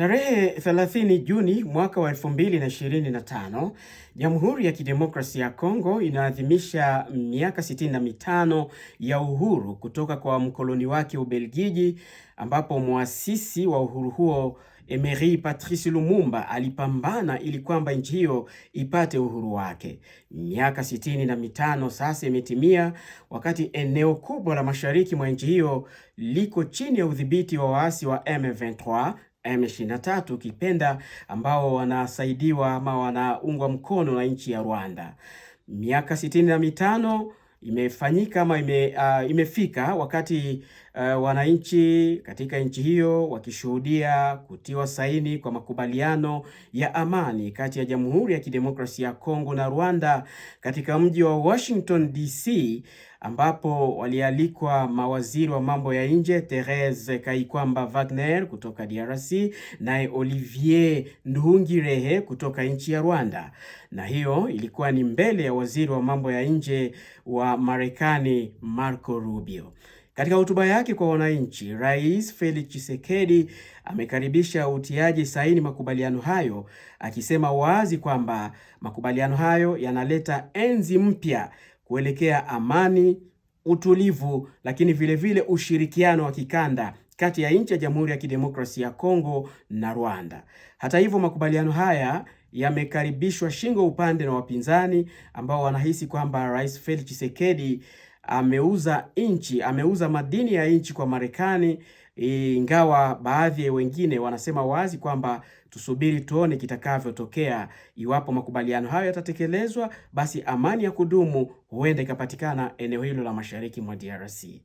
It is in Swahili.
Tarehe 30 Juni mwaka wa 2025, Jamhuri ya Kidemokrasia ya Kongo inaadhimisha miaka 65 ya uhuru kutoka kwa mkoloni wake Ubelgiji, ambapo mwasisi wa uhuru huo Emery Patrice Lumumba alipambana ili kwamba nchi hiyo ipate uhuru wake. Miaka sitini na mitano sasa imetimia, wakati eneo kubwa la mashariki mwa nchi hiyo liko chini ya udhibiti wa waasi wa M23 M23 ukipenda ambao wanasaidiwa ama wanaungwa mkono na nchi ya Rwanda. Miaka sitini na mitano imefanyika ama ime, uh, imefika wakati uh, wananchi katika nchi hiyo wakishuhudia kutiwa saini kwa makubaliano ya amani kati ya Jamhuri ya Kidemokrasia ya Kongo na Rwanda katika mji wa Washington DC ambapo walialikwa mawaziri wa mambo ya nje Therese Kaikwamba Wagner kutoka DRC, naye Olivier Nduhungirehe kutoka nchi ya Rwanda. Na hiyo ilikuwa ni mbele ya waziri wa mambo ya nje wa Marekani Marco Rubio. Katika hotuba yake kwa wananchi, Rais Felix Tshisekedi amekaribisha utiaji saini makubaliano hayo, akisema wazi kwamba makubaliano hayo yanaleta enzi mpya kuelekea amani, utulivu, lakini vilevile vile ushirikiano wa kikanda kati ya nchi ya Jamhuri ya Kidemokrasia ya Kongo na Rwanda. Hata hivyo, makubaliano haya yamekaribishwa shingo upande na wapinzani ambao wanahisi kwamba Rais Felix Tshisekedi ameuza nchi, ameuza madini ya nchi kwa Marekani, ingawa baadhi wengine wanasema wazi kwamba tusubiri tuone kitakavyotokea. Iwapo makubaliano hayo yatatekelezwa, basi amani ya kudumu huenda ikapatikana eneo hilo la mashariki mwa DRC.